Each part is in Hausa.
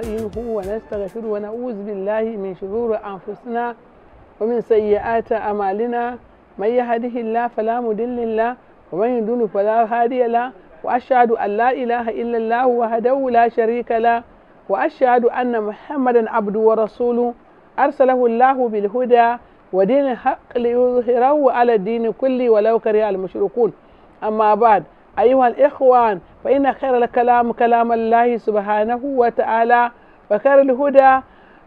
نستعينه ونستغفره ونعوذ بالله من شرور أنفسنا ومن سيئات أعمالنا من يهده الله فلا مضل له ومن يضلل فلا هادي له وأشهد أن لا إله إلا الله وحده لا شريك له وأشهد أن محمدا عبده ورسوله أرسله الله بالهدى ودين الحق ليظهره على الدين كله ولو كره المشركون أما بعد أيها الإخوان فإن خير الكلام كلام الله سبحانه وتعالى وخير الهدى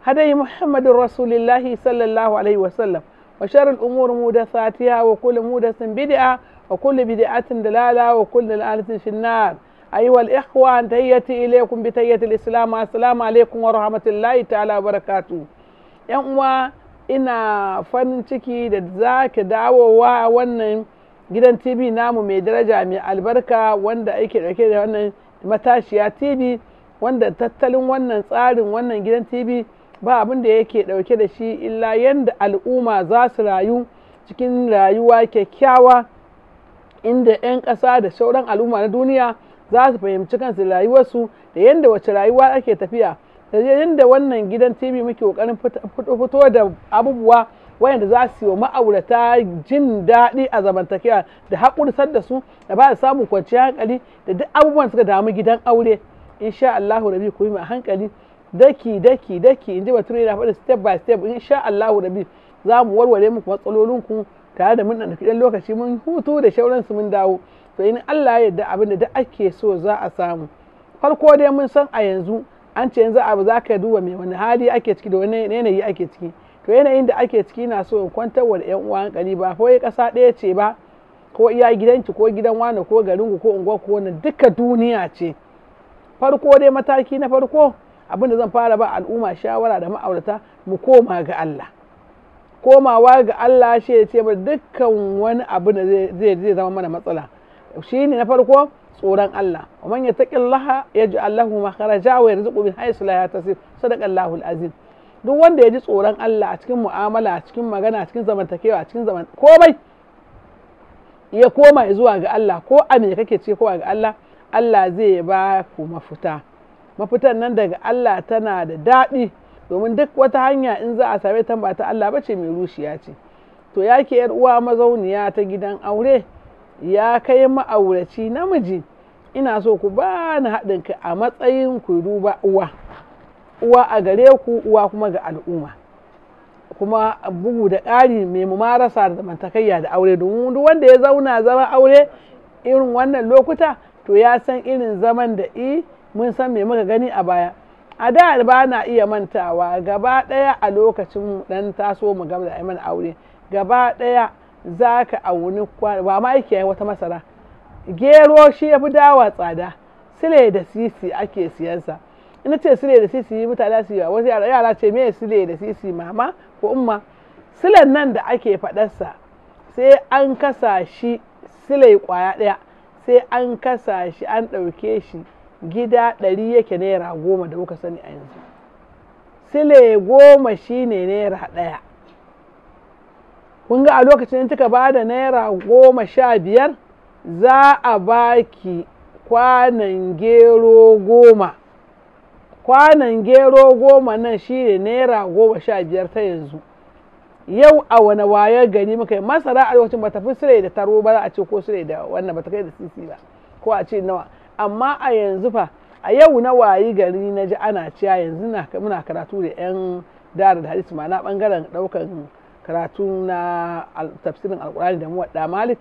هدي محمد رسول الله صلى الله عليه وسلم وشر الأمور مودثاتها وكل مودث بدعة وكل بدعة دلالة وكل دلالة في النار أيها الإخوة تهيتي إليكم بتهية الإسلام السلام عليكم ورحمة الله تعالى وبركاته ‘Yan إن ina farin دعوة da gidan tv namu mai daraja mai albarka wanda ake dauke da wannan matashiya tv wanda tattalin wannan tsarin wannan gidan tv ba abin da yake ɗauke da shi illa yadda al'umma za su rayu cikin rayuwa kyakkyawa inda 'yan ƙasa da sauran al'umma na duniya za su fahimci kansu rayuwarsu da yadda wace rayuwa ake tafiya da yadda wannan gidan tv muke ƙoƙarin fito da abubuwa wayanda za su yi wa ma'aurata jin daɗi a zamantakewa da haƙurtar da su da ba da samun kwanciyar hankali da duk abubuwan suka damu gidan aure insha Allahu rabi ku yi a hankali daki daki daki in ji bature yana faɗi step by step insha Allahu rabi za mu warware muku matsalolin ku tare da mun ɗanɗanki ɗan lokaci mun hutu da shauransu mun dawo to in Allah ya yarda abin da duk ake so za a samu farko dai mun san a yanzu an ce yanzu abu za ka duba mai wani hali ake ciki da wani yanayi ake ciki to yanayin da ake ciki na so in kwantar wa da yan uwa hankali ba ko ya kasa ɗaya ce ba ko iya gidanki ko gidan wani ko garinku ko unguwa ko wannan duka duniya ce farko dai mataki na farko abin da zan fara ba al'umma shawara da ma'aurata mu koma ga Allah komawa ga Allah shi ya ce dukkan wani abu da zai zama mana matsala shi ne na farko tsoron Allah wa man yattaqillaha yaj'al lahu makhraja wa yarzuqu min haythu la yahtasib azim duk wanda ya ji tsoron Allah a cikin mu'amala a cikin magana a cikin zamantakewa a cikin zaman komai ya koma zuwa ga Allah ko a me kake ce kowa ga Allah Allah zai ba ku mafita mafitan nan daga Allah tana da daɗi domin duk wata hanya in za a same ta ba ta Allah bace mai rushiya ce to ya ke yar uwa mazauniya ta gidan aure ya kai ma'auraci namiji ina so ku ba ni haɗin ka a matsayin ku duba uwa uwa a gare ku uwa kuma ga al'umma kuma bugu da ƙari mai mumarasa da zamantakayya da aure domin duk wanda ya zauna zama aure irin wannan lokuta to ya san irin zaman da i eh, mun san me muka gani a baya a da ba na iya mantawa gaba ɗaya a lokacin ɗan taso mu gaba da mana aure gaba ɗaya za ka auni ba ma yake wata masara gero shi ya fi dawa tsada sile da sisi ake siyansa Ina ce sile da sisi mutane su yi wasu yara yara ce me sile da sisi mama ko umma silen nan da ake faɗarsa sai an kasa shi sile kwaya ɗaya sai an kasa shi an ɗauke shi gida ɗari yake naira goma da kuka sani a yanzu sile goma shi ne naira ɗaya kun ga a lokacin in kika ba da naira goma sha biyar za a baki kwanan gero goma kwanan gero goma nan shine naira goma sha biyar ta yanzu yau a wani waye gari muka yi masara a lokacin ba tafi sirai da taro ba za a ce ko sirai da wannan ba ta kai da sisi ba ko a ce nawa amma a yanzu fa a yau na wayi gari na ji ana ciya yanzu muna karatu da yan dara da hadisi ma na bangaren daukan karatu na tafsirin alkurani da muwadda malik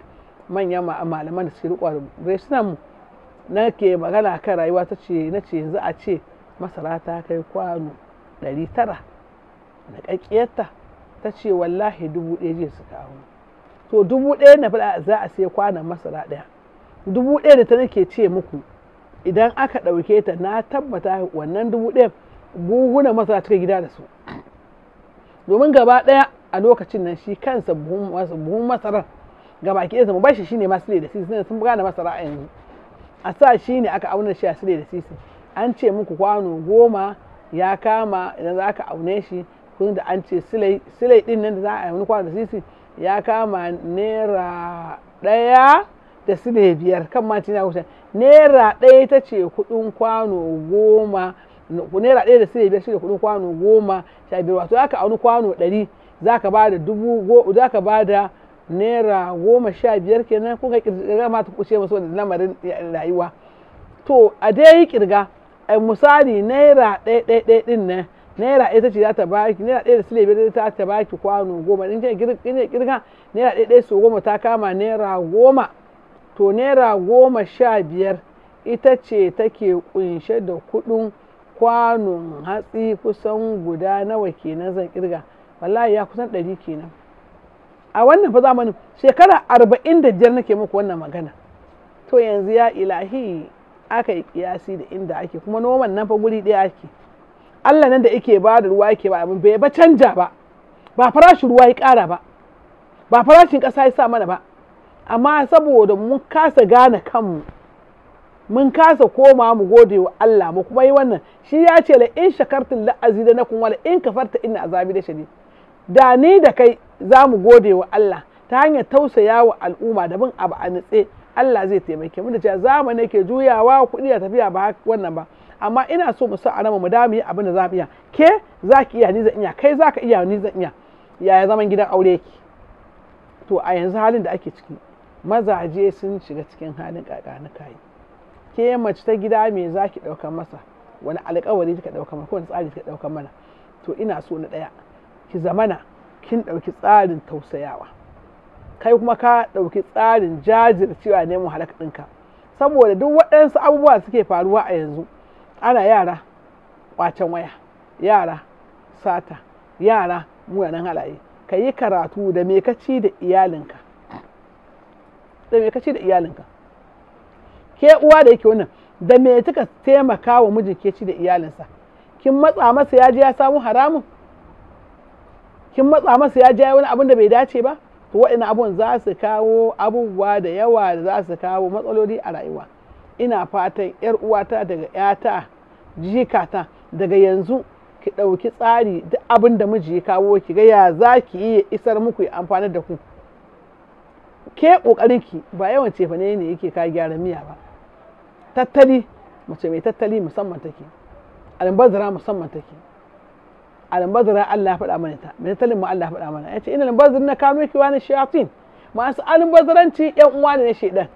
manyan malaman da suke rikwa reshinan mu na ke magana kan rayuwa ta ce na ce yanzu a ce masara ta kai kwano 900 na ƙaƙƙiyarta ta ce wallahi dubu ɗaya je su kawo to dubu ɗaya na za a sai kwanan masara ɗaya dubu ɗaya da ta nake ce muku idan aka ɗauke ta na tabbata wannan dubu ɗaya buhuna masara cika gida da su domin gaba ɗaya a lokacin nan shi kansa buhun masara gaba ki ɗaya ba shi shine masu da sisi sun gane masara a yanzu a sa shi ne aka auna shi a ne da sisi an ce muku kwano goma ya kama idan za ka aune shi kun da an ce silai din nan da za a wani kwano da sisi ya kama naira ɗaya da silai biyar kan ma ya kusa naira ɗaya ta ce kuɗin kwano goma naira ɗaya da silai biyar shi da kuɗin kwano goma sha biyar wato za ka auni kwano ɗari za ka ba da dubu za ka ba da naira goma sha biyar kenan kuka kirga ma ta kuce masu wani lamarin rayuwa to a dai kirga misali naira ɗaya ɗaya ɗaya ɗin nan naira ɗaya ce za ta ki naira ɗaya da sile biyar ta ta ki kwano goma in kai kirga naira ɗaya ɗaya goma ta kama naira goma to naira goma sha biyar ita ce take kunshe da kuɗin kwanon hatsi kusan guda nawa kenan zan kirga wallahi ya kusan ɗari kenan a wannan fa zamanin shekara arba'in da biyar nake muku wannan magana to yanzu ya ilahi aka yi kiyasi da inda ake kuma noman nan fa guri ɗaya ake Allah nan da yake ba da ruwa yake ba abin bai ba canja ba ba farashin ruwa ya ƙara ba ba farashin ƙasa ya sa mana ba amma saboda mun kasa gane kanmu mun kasa koma mu gode wa Allah mu kuma yi wannan shi ya ce la in shakartun la'azi da na kuma la in kafarta ina azabi da shadi da ni da kai za mu gode wa Allah ta hanyar tausaya wa al'umma da bin abu a nutse Allah zai taimake mu da cewa zamani yake juyawa kuɗi a tafiya ba wannan ba amma ina so mu sa a rama mu da mu yi abin da za mu iya ke za ki iya ni zan iya kai za ka iya ni zan iya yaya zaman gidan aure yake to a yanzu halin da ake ciki mazaje sun shiga cikin halin kakani kai ke mace ta gida me za ki ɗaukar masa wani alkawari kika ɗauka mana ko wani tsari kika ɗauka mana to ina so na ɗaya ki zamana kin ɗauki tsarin tausayawa kai kuma ka ɗauki tsarin jajircewa neman halaka ɗinka saboda duk waɗansu abubuwa suke faruwa a yanzu ana yara ƙwacen waya yara sata yara munanan halaye ka yi karatu da me ka ci da iyalinka da me ka ci da iyalinka ke uwa da yake wannan da me kika taimaka wa mijin ke ci da iyalinsa kin matsa masa ya ji ya samu haramun kin matsa masa ya je wani abin da bai dace ba to waɗannan abubuwan za su kawo abubuwa da yawa da za su kawo matsaloli a rayuwa ina fatan yar uwata daga yata jikata daga yanzu ki ɗauki tsari duk abin da miji ya kawo ki ga ya za ki iya isar muku ya amfana da ku ke ki ba yawan cefane ne yake ka gyara miya ba tattali mace mai tattali musamman take albazara musamman take almazara Allah ya faɗa mana ta misalin mu Allah ya faɗa mana yace na na kanu wani shayatin masu albazaranci yan uwa ne na shaidan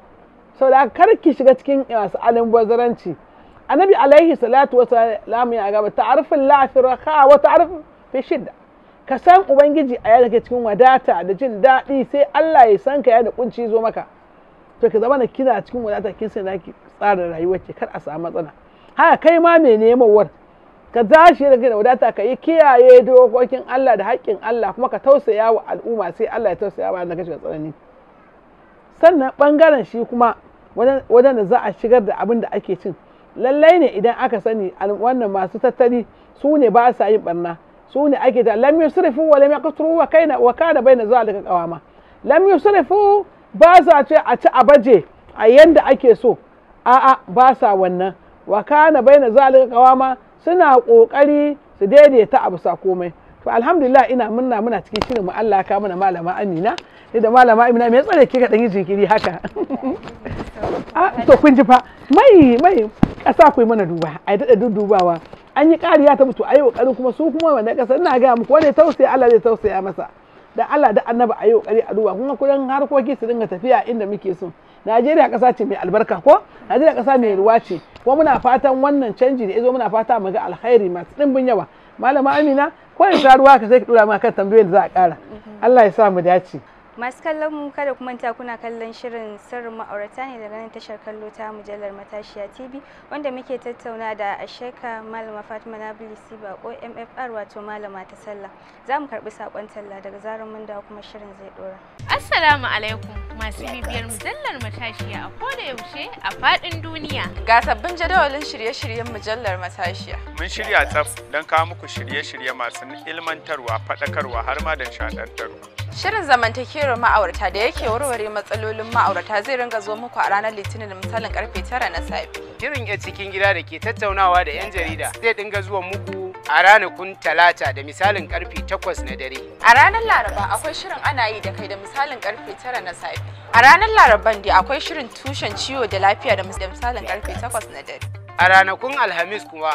saboda kar ki shiga cikin masu albazaranci annabi alaihi salatu wa salam ya gaba ta'arifin la fi raha wa ta'arif fi shidda ka san ubangiji a yadda ke cikin wadata da jin daɗi sai Allah ya san ka yadda kunci zo maka to ka zama na kina cikin wadata kin sai zaki tsara rayuwar ki kar a samu matsala haka kai ma mai war. ka da daga wadata ka yi kiyaye dokokin Allah da haƙƙin Allah kuma ka tausaya wa al'umma sai Allah ya tausaya ma na shiga tsanani sannan ɓangaren shi kuma wadanda za a shigar da abin da ake cin lallai ne idan aka sani wannan masu tattali su ne ba sa yin barna su ne ake ta lam yusrifu wa lam yaqturu wa kaina wa kana baina zalika qawama lam yusrifu ba sa ce a ci a baje a yanda ake so a'a ba sa wannan wa kana baina zalika qawama suna ƙoƙari su daidaita abu sa komai to alhamdulillah ina munna muna cikin shirin mu Allah ka mana malama Amina ni da malama Amina me tsare kika dan yi jinkiri haka ah, to kun ji fa mai mai ƙasa ku mana duba ai dada dubawa an yi ƙariya ta mutu ayi ƙoƙarin kuma su kuma wanda ƙasa ina ga muku wanda tausaya Allah zai tausaya masa da Allah da annaba a yi kare a duba kuma kudin harkoki su dinga tafiya inda muke so Najeriya kasa ce mai albarka ko Najeriya kasa mai ruwa ce ko muna fatan wannan canji da yazo muna fata mu ga alkhairi masu dimbin yawa malama Amina ko in ruwa ka sai ka dora ma kan tambayoyin da za a kara Allah ya sa mu dace masu kallon mu kada ku manta kuna kallon shirin sirrin ma'aurata ne daga nan tashar kallo ta mujallar matashiya tv wanda muke tattauna da asheka malama fatima nabilisi bako mfr wato malama ta sallah za mu karbi sakon talla daga zarar mun dawo kuma shirin zai dora assalamu alaikum masu bibiyar mujallar matashiya a koda yaushe a faɗin duniya ga sabbin jadawalin shirye-shiryen mujallar matashiya mun shirya tsaf don kawo muku shirye-shirye masu ilmantarwa faɗakarwa har ma da nishaɗantarwa Shirin zamantakewar ma'aurata da yake warware matsalolin ma'aurata zai ringa zo muku a ranar Litinin misalin karfe 9 na safe. Shirin ya cikin gida da ke tattaunawa da 'yan jarida zai dinga zuwa muku a ranakun talata da misalin karfe 8 na dare. A ranar Laraba akwai shirin ana yi da kai da misalin karfe 9 na safe. A ranar Laraban dai akwai shirin tushen ciwo da lafiya da misalin karfe 8 na dare. A ranakun Alhamis kuma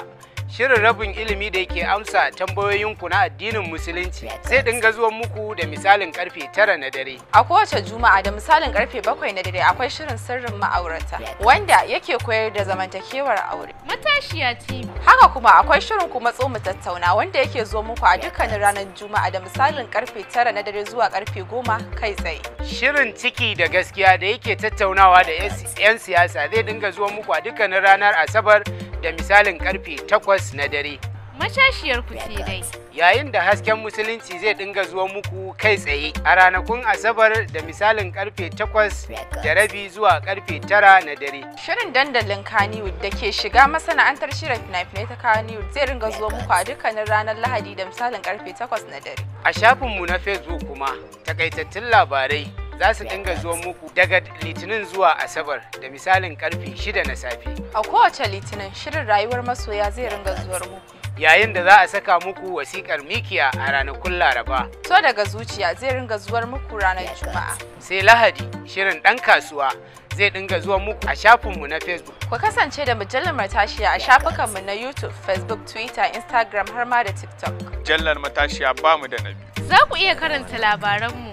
shirin rabin ilimi da yake amsa tambayoyinku na addinin musulunci zai dinga zuwa muku da misalin karfe tara na dare a kowace juma'a da misalin karfe bakwai na dare akwai shirin sirrin ma'aurata wanda yake koyar da zamantakewar aure matashiya tv haka kuma akwai shirin kuma tso mu tattauna wanda yake zo muku a dukkanin ranar juma'a da misalin karfe tara na dare zuwa karfe goma kai tsaye shirin ciki da gaskiya da yake tattaunawa da 'yan siyasa zai dinga zuwa muku a dukkanin ranar asabar da misalin karfe takwas na dare. Mashashiyar ku ce dai. Yayin da hasken musulunci zai dinga zuwa muku kai tsaye a ranakun Asabar da misalin karfe takwas da rabi zuwa karfe tara na dare. Shirin dandalin Kannywood da ke shiga masana'antar shirin fina-finai ta Kannywood zai ringa zuwa muku a dukkanin ranar Lahadi da misalin karfe takwas na dare. A shafinmu na Facebook kuma takaitattun labarai za su dinga zo muku daga litinin zuwa asabar da misalin karfe shida na safe. A kowace litinin shirin rayuwar masoya zai ringa zuwar muku. Yayin da za a saka muku wasikar mikiya a ranakun Laraba. To daga zuciya zai ringa zuwar muku ranar Juma'a. Sai Lahadi shirin ɗan kasuwa zai dinga zuwa muku a shafinmu na Facebook. Ku kasance da mujallar matashiya a shafukanmu na YouTube, Facebook, Twitter, Instagram har ma da TikTok. Mujallar matashiya ba mu da nabi. Za ku iya karanta labaranmu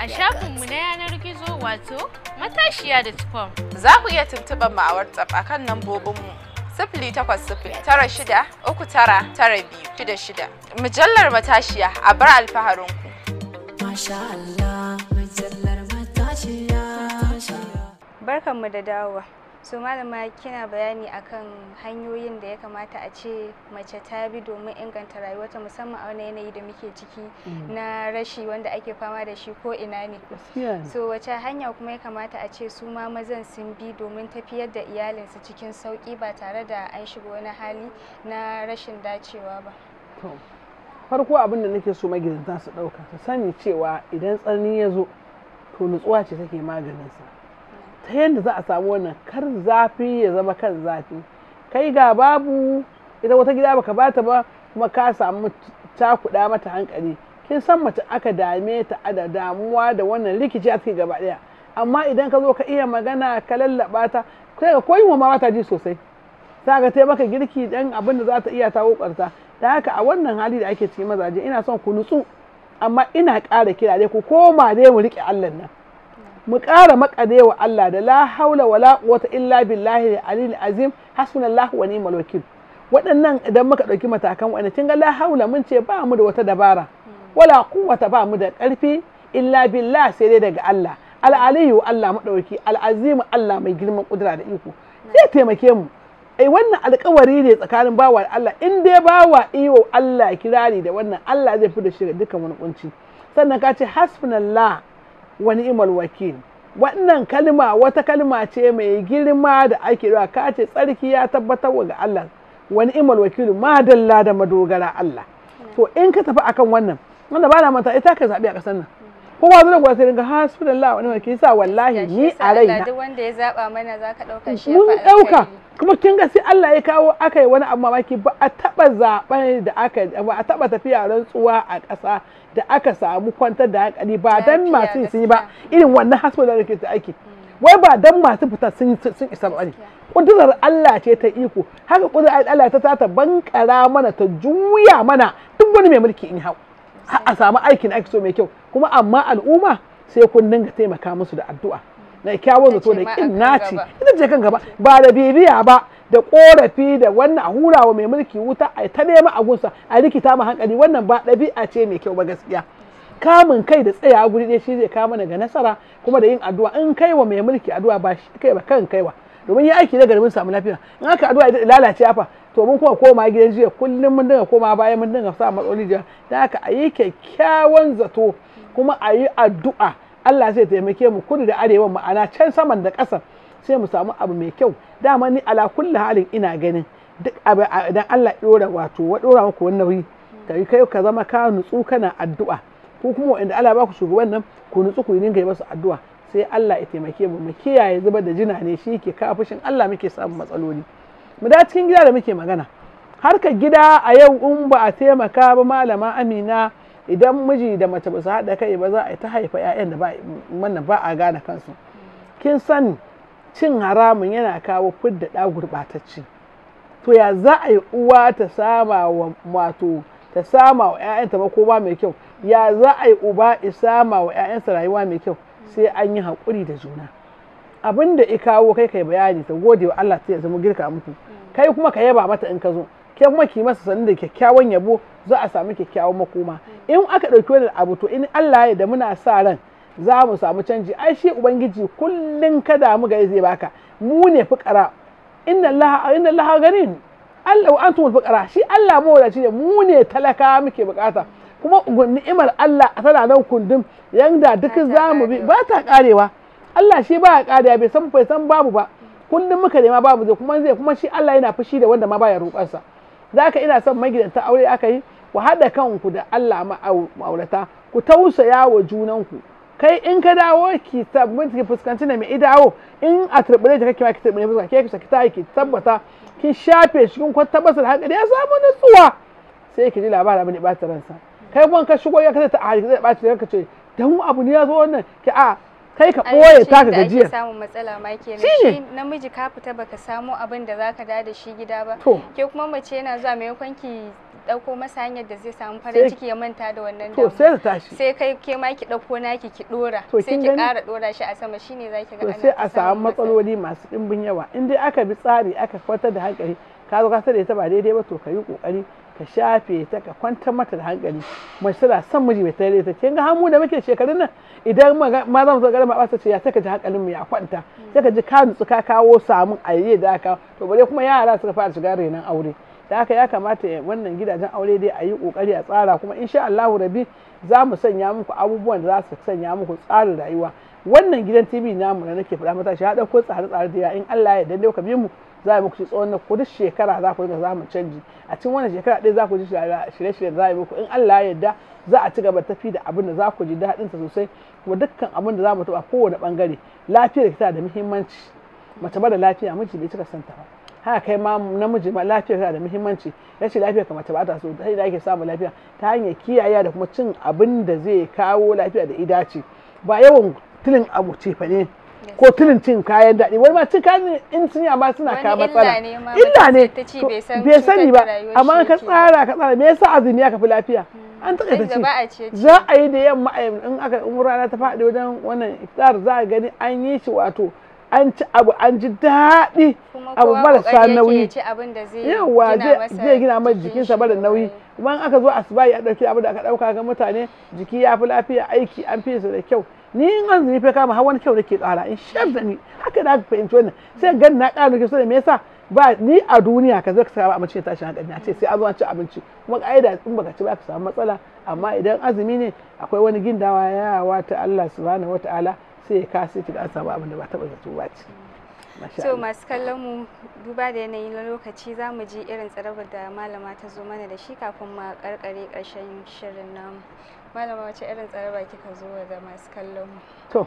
a shafinmu na yanar gizo wato matashiya da tukwam. Za ku iya tuntuɓar mu a WhatsApp kan lambobinmu. Sifili takwas sifili tara shida uku tara tara biyu shida shida. Mujallar matashiya a bar alfaharinku. Masha Allah, mujallar matashiya. Barkanmu da dawowa. so malama kina bayani akan hanyoyin da ya kamata a ce mace ta bi domin inganta rayuwarta musamman a wani yanayi da muke ciki mm. na rashi wanda ake fama da shi ko ina ne so wace hanya kuma ya kamata a ce su ma mazan sun bi domin tafiyar da iyalinsu cikin sauki ba tare da an shiga wani hali na rashin dacewa ba farko abin da nake so magidanta su ɗauka su sani cewa idan tsarni ya zo to nutsuwa ce take maganin maganinsa ta yadda za a samu wannan kar zafi ya zama kan zafi kai ga babu ita wata gida baka bata ba kuma ka samu cakuɗa mata hankali kin san mace aka dame ta da damuwa da wannan rikici a cikin gaba ɗaya amma idan ka zo ka iya magana ka lallaba ta sai ka koyi ma ta ji sosai ta ga ta maka girki dan abin da za ta iya ta kokarta da haka a wannan hali da ake cikin mazaje ina son ku nutsu amma ina ƙara kira dai ku koma dai mu rike Allah nan mu ƙara makade wa Allah da la haula wala quwwata illa billahi alil azim hasbunallahu wa ni'mal wakil waɗannan idan muka ɗauki matakan wani kin ga la haula mun ce ba mu da wata dabara wala quwwata ba mu da ƙarfi illa billah sai dai daga Allah wa Allah al al'azimu Allah mai girman kudura da iko sai taimake mu ai eh, wannan alkawari ne tsakanin bawa wa Allah in dai bawa iyo Allah kirari da wannan Allah zai fi da shi dukkan wani kunci sannan ka ce hasbunallahu wani imal wakil wannan kalma wata kalma ce mai girma da ake Ka ce tsarki ya tabbatar wa ga Allah wani imal wakil madalla da madogara Allah to in ka tafi akan wannan wanda ba na manta ita ka zabi a kasar nan kowa zo da gwasa ringa hasbunallah wani wakil sa wallahi ni a raina duk wanda ya zaba mana zaka dauka shi mun dauka kuma kin ga sai Allah ya kawo aka yi wani abu maki ba a taba zaben da aka ba a taba tafiya rantsuwa a ƙasa da aka samu kwantar da hankali ba dan masu sun yi ba irin wannan hospital da aiki. Hmm. wai ba dan masu fita sun isa ba ne kudurar Allah ce ta iko haka kudurar Allah ta ta bankara mana ta juya mana duk wani mai mulki in hau a samu aikin aiki so mai kyau kuma amma al'umma sai kun dinga taimaka musu da addu'a hmm. na kyawun zato da kin naci ina je kan gaba ba da bibiya ba da korafi da wannan a hurawa mai mulki wuta a ta nema a gunsa a rikita ma hankali wannan ba ɗabi'a ce mai kyau ba gaskiya kamun kai da tsaya guri ɗaya shi zai kama daga nasara kuma da yin addu'a in kai wa mai mulki addu'a ba shi kai ba kan kaiwa domin ya aiki da garbin samu lafiya in aka addu'a ya lalace afa to mun kuma koma gidan jiya kullum mun dinga koma bayan mun dinga sa matsaloli jiya da haka a yi kyakkyawan zato kuma a yi addu'a Allah zai taimake mu kudu da arewa ma'ana can saman da ƙasa sai mu samu abu mai kyau dama ni ala kulli halin ina ganin duk abu idan Allah dora wato wa dora muku wannan wuri kai kai ka zama ka nutsu kana addu'a ko kuma inda Allah ba ku shugaban nan ku nutsu ku dinga yi masa addu'a sai Allah ya taimake mu mu kiyaye zubar da jina ne shi ke kafishin. Allah muke samun matsaloli mu da cikin gida da muke magana harkar gida a yau in ba a taimaka ba malama Amina idan miji da mace ba su haɗa kai ba za a ta haifa 'ya'yan da ba a gane kansu kin sani cin haramun yana kawo fidda ɗa to ya za a yi uwa ta sama wa wato ta sama wa 'ya'yanta makoma mai kyau ya za a yi uba ya sama wa 'ya'yansa rayuwa mai kyau sai an yi haƙuri da juna abin da kawo kai kai bayani ta gode wa Allah sai ya zama girka mutu kai kuma ka yaba mata in ka zo ke kuma ki masa sanin da kyakkyawan yabo za a samu kyakkyawan makoma in aka ɗauki wani abu to in Allah ya da muna sa ran za mu samu canji ai shi ubangiji kullum ka damu ga zai baka mu ne fukara inna allaha inna allaha ganin Allah wa antumul fukara shi Allah mawadaci ne mu ne talaka muke bukata kuma ni'imar Allah tana nan kundin yanda duk za mu bi ba ta karewa Allah shi ba ya karewa bai san bai san babu ba kullum muka nema babu zai kuma zai kuma shi Allah yana fushi da wanda ma baya roƙarsa zaka ina son magidanta aure aka yi ku haɗa kanku da Allah ma'aurata ku tausaya wa junanku kai in ka dawo ki tabbata ki fuskanci da mai idawo in a turbure da kake ma ki turbine fuska ke ki ta ki tabbata kin shafe shi kun tabbata da hankali ya samu nutsuwa sai ki ji labarin abin da ba ta ransa kai kuma ka shigo ya kaza ta ahli zai ba ta ka ce dan abu ne ya zo wannan ki a kai ka boye ta ka gajiya samun matsala ma kenan shi namiji ka fita baka samu abin da zaka da da shi gida ba ke kuma mace yana zuwa maimakon ki dauko masa hanyar da zai samu farin ciki ya manta da wannan to sai tashi sai kai ke ma ki dauko naki ki dora sai ki kara dora shi a sama shine zaki ga sai a samu matsaloli masu dimbin yawa in dai aka bi tsari aka kwatar da hankali ka zo ka sare ta ba daidai ba to ka yi kokari ka shafe ta ka kwantar mata da hankali mace tana san miji mai tare ta kin ga hamu da muke shekarun nan idan ma za mu zo ma ba ce ya saka ji hankalin mu ya kwanta sai ka ji ka nutsu ka kawo samun ayyaye da aka to bare kuma yara suka fara shiga renan aure da haka ya kamata wannan gidajen aure dai a yi kokari a tsara kuma insha Allahu rabi za mu sanya muku abubuwan da za su sanya muku tsarin rayuwa wannan gidan TV namu da nake faɗa mata shi ya ko tsare-tsare da in Allah ya dande ka bi mu za mu ci tsawon ku duk shekara za ku riga za mu canji a cikin wannan shekara ɗaya za ku ji shirye-shirye za mu ku in Allah ya yarda za a ci gaba tafi da abin da za ku ji daɗin sa sosai kuma dukkan abin da za mu taɓa kowane ɓangare lafiyar ta da muhimmanci mace ba da lafiya miji bai cika santa ba haka kai ma namiji ma lafiya tana da muhimmanci rashin lafiya kamar ta bata so ta da ake samun lafiya ta hanyar kiyaye da kuma cin abin da zai kawo lafiya da idaci ba yawan tilin abu cefa ne ko tilin cin kayan daɗi wani ma cin kayan in sun amma suna kawo matsala illa ne bai sani ba amma ka tsara ka tsara me yasa azumi aka fi lafiya hmm. an ta ce za a yi da yamma in aka in rana ta faɗi wajen wannan iftar za a gani an yi shi wato an ci abu an ji daɗi abu marasa nauyi yawa zai gina masa jikinsa mara nauyi kuma aka zo asuba ya ɗauki abu da aka ɗauka ga mutane jiki ya fi lafiya aiki an fi da kyau ni in an zuri fai kama hawan kyau nake ƙara in shar ni haka da aka fahimci wannan sai gan na ƙara nake so da me yasa ba ni a duniya ka zo ka samu abinci ya tashi hankali na ce sai an zo ci abinci kuma ƙa'ida in baka ci ba ka samu matsala amma idan azumi ne akwai wani gindawa yawa ta Allah subhanahu wataala sai ya kasa ya ga an samu abin da ba taɓa zato ba ce so masu kallon mu duba da yanayi na lokaci za mu ji irin tsarabar da malama ta zo mana da shi kafin ma karkare karshen shirin namu malama wace irin tsaraba kika zo da masu kallon mu to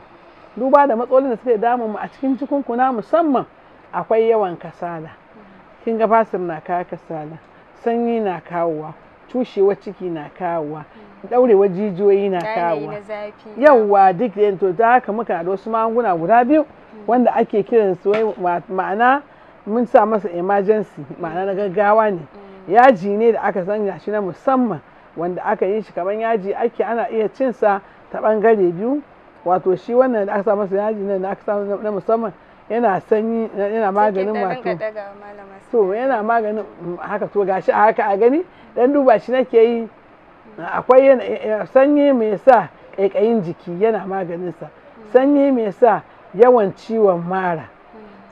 duba da matsalolin da suke damun mu a cikin jikunkuna musamman akwai yawan kasala kin ga fasir na kawo kasala sanyi na kawowa cushewar ciki na kawowa daurewar jijiyoyi na kawo yawwa duk da to ta haka muka da wasu magunguna guda biyu mm. wanda ake kiran su ma'ana mun sa masa emergency ma'ana na gaggawa ne mm. yaji ne da aka sanya shi na musamman wanda aka yi shi kamar yaji ake ana iya cin sa ta bangare biyu wato shi wannan da aka sa masa yaji ne da aka sa na musamman yana sanyi yana maganin wato to yana maganin mm, haka to gashi a haka a gani dan duba shi nake yi akwai eh, eh, sanyi mai sa ƙaiƙayin jiki yana maganinsa sanyi mai sa yawan ciwon mara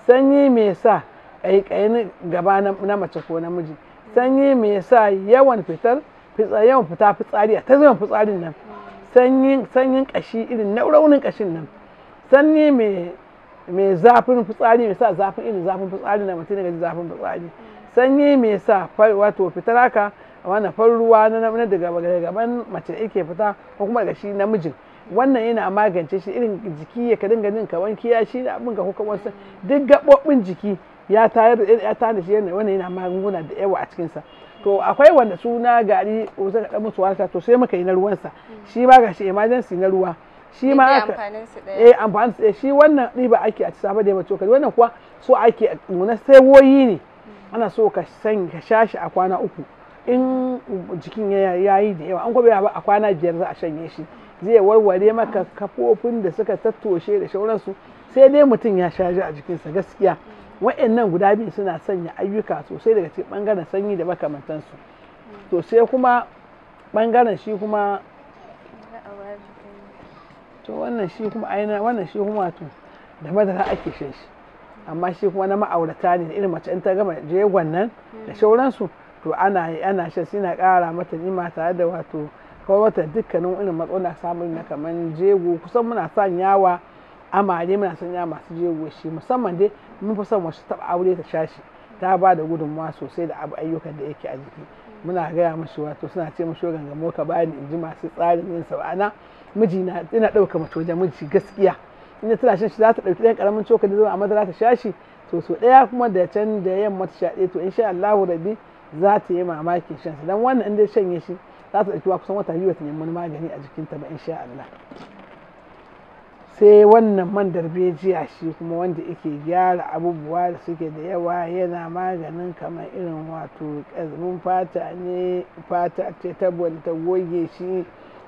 sanyi mai sa ƙaiƙayin gaba na mace ko namiji sanyi mai sa yawan fitar yawan fita fitsari a ta fitsarin nan sanyin ƙashi irin na raunin ƙashin nan sanyi mai zafin fitsari mai sa zafin irin zafin fitsari na mutum daga zafin fitsari sanyi mai sa wato fitar haka wani fan ruwa na daga gaban mace yake fita ko kuma daga shi namijin wannan yana magance shi irin jiki ya ka dinga ka kaman kiya shi da abin ka kuka wasu duk gaɓoɓin jiki ya tayar da ya tayar da shi yana wannan yana magunguna da yawa a cikinsa to akwai wanda suna gari ko zaka dan musu wasa to sai muka yi na ruwansa shi ma shi emergency na ruwa shi ma aka eh amfanin su shi wannan riba ake a ci safa da mace wannan kuwa so ake nuna sai woyi ne mm. ana so ka san ka sha shi a kwana uku in jikin ya yi da yawa an kwabe ba a kwana biyar za a shanye shi zai warware maka kafofin da suka tattoshe da shauransu sai dai mutum ya sha a jikinsa gaskiya wa'annan guda biyu suna sanya ayyuka sosai daga cikin bangaren sanyi da makamantansu to sai kuma bangaren shi kuma to wannan shi kuma aina wannan shi kuma to da madara ake shan shi amma shi kuma na ma'aurata ne da irin mace in ta gama jegon nan da shauransu to ana ana shan suna kara mata nima tare da wato kawai wata dukkanin irin matsala samun na kamar jego kusan muna son yawa amare muna son yawa masu jego shi musamman dai mun fi son wasu taɓa aure ta shashi ta ba da gudunmawa sosai da abu ayyukan da yake a jiki muna gaya mashi wato suna ce mashi gangamo ka bani in ji masu tsarin yin ana miji na ina ɗauka mace wajen miji gaskiya ina tana shan shi za ta ɗauki ɗan ƙaramin cokali zuwa a madara ta shashi to so ɗaya kuma da can da yamma ta sha ɗaya to insha Allahu rabi za ta yi mamakin shan sa dan wannan inda shan shanye shi za ta ɗauki kusan wata biyu ta nemi magani a jikinta ba insha Allah sai wannan man darbejiya shi kuma wanda yake gyara abubuwa da suke da yawa yana maganin kamar irin wato ƙazmin fata ne fata ce ta ta goge shi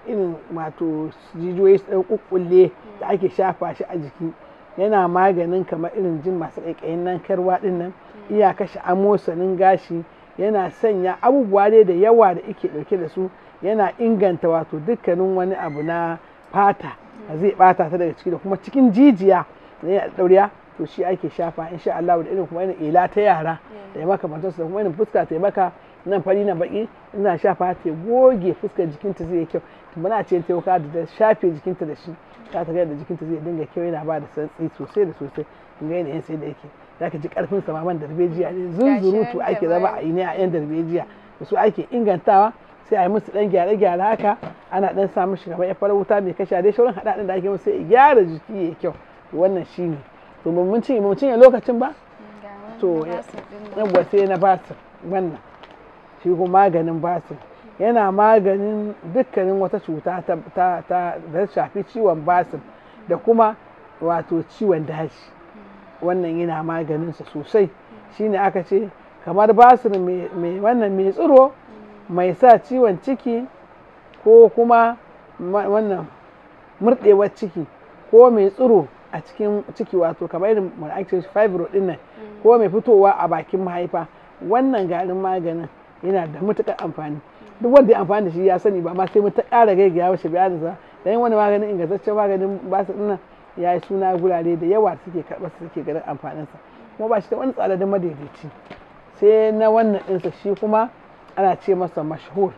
irin wato jijiyoyi su ɗan da ake shafa shi a jiki yana maganin kamar irin jin masu ƙaiƙayin nan karwa ɗin nan iya kashe amosanin gashi yana sanya abubuwa ne da yawa da ike dauke da su yana inganta wato dukkanin wani abu na fata a zai bata ta daga ciki da kuma cikin jijiya da yana ɗauriya to shi ake shafa insha Allah da irin kuma irin ila ta yara da ya maka matarsa da kuma irin fuska ta maka nan fari na baki ina shafa ta goge fuskar jikinta zai kyau to muna ce ta wuka da shafe jikinta da shi ta ta da jikinta zai dinga kyau yana ba da santsi sosai da sosai ga yanayin sai da yake za ka ji karfin samaman darbejiya ne zunzurutu ake zama a yi ne a yan darbejiya da su ake ingantawa sai a yi musu dan gyare gyare haka ana dan sa mishi kamar ya fara wuta mai kasha dai shauran haɗaɗin da ake musu sai gyara jiki ya kyau wannan shine to ba mun cinye lokacin ba to yawwa sai na basir wannan shi kuma maganin basir yana maganin dukkanin wata cuta ta shafi ciwon basir da kuma wato ciwon daji wannan yana maganin sa sosai shine aka ce kamar basir mai wannan mai tsiro mai sa ciwon ciki ko kuma wannan murɗewar ciki ko mai tsiro a cikin ciki wato kamar irin ake fibro din nan ko mai fitowa a bakin mahaifa wannan garin maganin yana da matuƙar amfani duk wanda ya amfani da shi ya sani ba ma sai mu ta ƙara gaggaya mashi bayanin sa dan wani maganin ingantaccen maganin basir din ya yi suna gurare da yawa suke karɓar su suke ganin amfaninsa kuma ba shi da wani tsaladin madaidaici sai na wannan ɗinsa shi kuma ana ce masa mashhur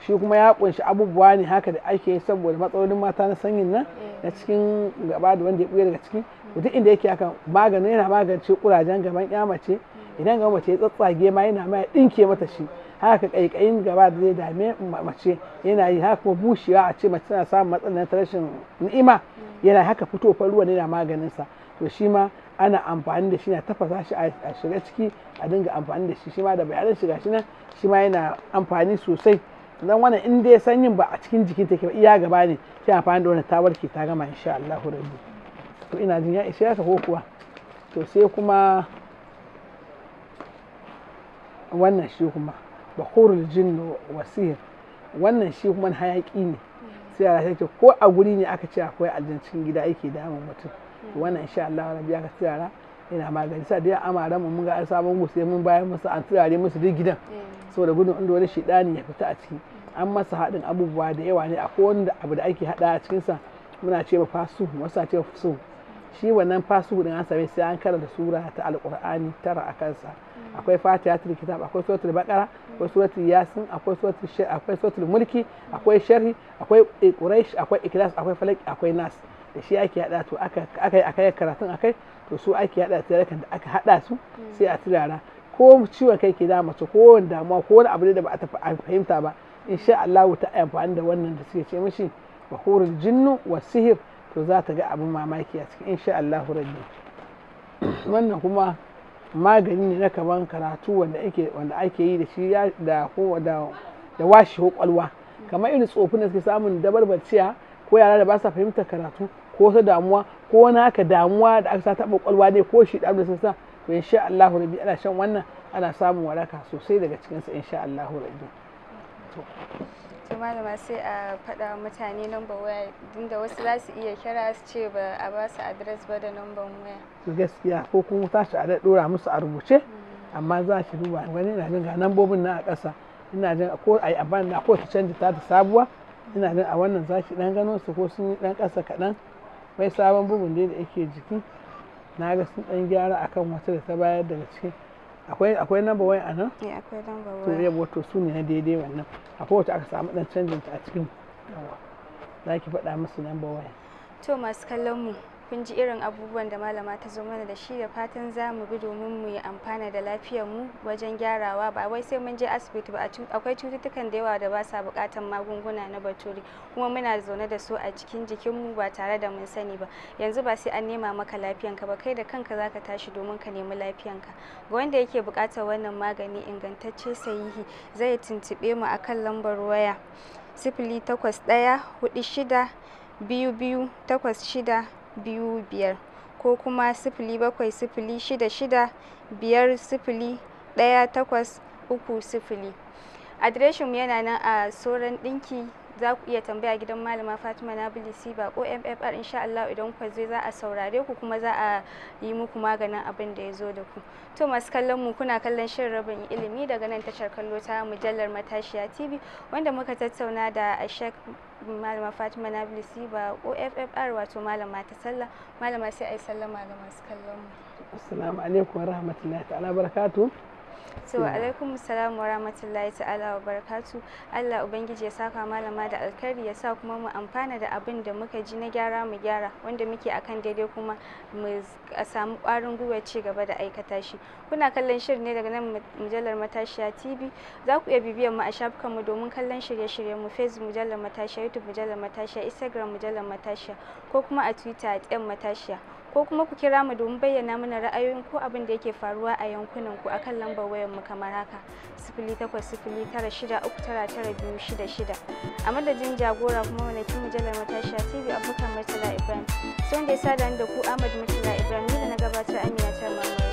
shi kuma ya kunshi abubuwa ne haka da ake yi saboda matsalolin mata na sanyin nan na eh. cikin gaba da wanda ya buya daga ciki duk inda yake haka maganin yana magance kurajen gaban ya mace idan ga mace ya tsatsage ma yana ma ya ɗinke mata shi haka kaikayin gaba da zai dame mace yana yi haka kuma bushewa a ce mace tana samun matsalar rashin ni'ima yana haka fitowar ne yana maganinsa to shi ma ana amfani da shi na tafasa shi a shiga ciki a dinga amfani da shi shi ma da bayanan shiga shi nan shi ma yana amfani sosai dan wannan in dai yin ba a cikin jikin take ba iya gaba ne sai amfani da wannan ta warke ta gama insha Allah rabbi to ina jin ya isa ka ko kuwa to sai kuma wannan shi kuma bakhurul jinnu wasir wannan shi kuma hayaki ne sai yara take ko a guri ne aka ce akwai aljancin cikin gida yake damun mutum wannan insha Allah rabbi aka siyara. yana magani sa dai amara mu mun ga an sabon go mun bayan musu an turare musu duk gidan eh. saboda gudun inda wani ne ya fita a ciki an masa haɗin abubuwa da yawa ne akwai wanda abu da ake haɗa a cikinsa. muna ce ma fasu wasu a ce fasu shi wannan fasu din an same sai an karanta sura ta Alƙur'ani tara a kansa akwai fatihatul kitab akwai suratul baqara akwai suratul yasin akwai suratul shar akwai suratul mulki akwai sharhi akwai eh, quraish akwai ikhlas akwai falak akwai nas da shi ake hada to aka aka karatun akai to su ake hada tirakan da aka hada su sai a turara ko ciwon kai ke da mace ko wani damuwa ko wani abu da ba a fahimta ba insha Allah ta amfani da wannan da suke ce mishi wa hurul jinnu wa sihir to za ta ga abin mamaki a cikin insha Allah rabbi wannan kuma magani ne na kaman karatu wanda ake wanda ake yi da shi da ko da da washe kwalwa kamar irin tsofin da suke samun dabarbaciya ko yara da ba sa fahimtar karatu ko wata damuwa ko wani haka damuwa da aka sa taba kwalwa ne ko shi da sun sa to insha Allahu rabbi ana shan wannan ana samun waraka sosai daga cikin cikinsa insha Allahu rabbi wasu malama sai a faɗa mutane number waya da wasu za su iya kira su ce ba a ba su adres ba da number waya gaskiya ko kuma ta shi a ɗora musu a rubuce mm. amma za shi duba wani na jin ga nambobin na a ƙasa ina jin ko a yi abin na ko ta canji ta ta sabuwa ina jin a wannan za shi ɗan gano su ko sun yi ɗan ƙasa kaɗan mai sabon bugun da yake jiki na ga sun ɗan gyara akan wata da ta bayar daga cikin akwai number waya anan nan akwai number to su ne na daidai wannan akwai wata aka samu dan canjin ta a cikin yawa za ki faɗa musu number waya to masu kallon mu kun ji irin abubuwan da malama ta zo mana da shi da fatan za mu bi domin mu yi amfana da lafiyar mu wajen gyarawa ba wai sai mun je asibiti ba akwai cututtukan da yawa da ba sa bukatan magunguna na baturi kuma muna zaune da su a cikin jikin mu ba tare da mun sani ba yanzu ba sai an nema maka ka ba kai da kanka zaka tashi domin ka nemi ka ga wanda yake bukatar wannan magani ingantacce sahihi zai tuntube mu akan lambar waya sifili takwas ɗaya hudu shida biyu biyu takwas shida biyu biyar ko kuma sifili bakwai sifili shida shida biyar sifili ɗaya takwas uku sifili adireshinmu yana nan a soron ɗinki za ku iya tambaya gidan malama fatima na bilisi ba ko mfr insha Allah idan ku zai za a saurare ku kuma za a yi muku maganin abin da ya zo da ku to masu kallon mu kuna kallon shirin rabin ilimi daga nan tashar kallo ta mujallar matashiya tv wanda muka tattauna da ashek malama fatima na bilisi ba ko mfr wato malama ta sallah malama sai a yi sallama ga masu kallon mu assalamu alaikum warahmatullahi ta'ala barakatuh to alaikum salam wa rahmatullahi ta'ala wa barakatu Allah ubangiji ya saka malama da alkhairi ya sa kuma mu amfana da abin da muka ji na gyara mu gyara wanda muke a kan daidai kuma mu samu ƙwarin gwiwa ci gaba da aikata shi kuna kallon shirin ne daga nan mujallar matashiya TV za ku iya bibiyar mu a shafukan mu domin kallon shirye-shiryen mu Facebook mujallar matashiya YouTube mujallar matashiya Instagram mujallar matashiya ko kuma a Twitter at matashiya ko kuma ku kira mu domin bayyana mana ra'ayoyin ko abin da yake faruwa a yankunan ku akan lambar wayar mu kamar haka shida a madadin jagora kuma manakin mujallar matashiya TV Abubakar Murtala Ibrahim sun da ya da ku Ahmad Murtala Ibrahim ne na gabatar Amina Tarmamari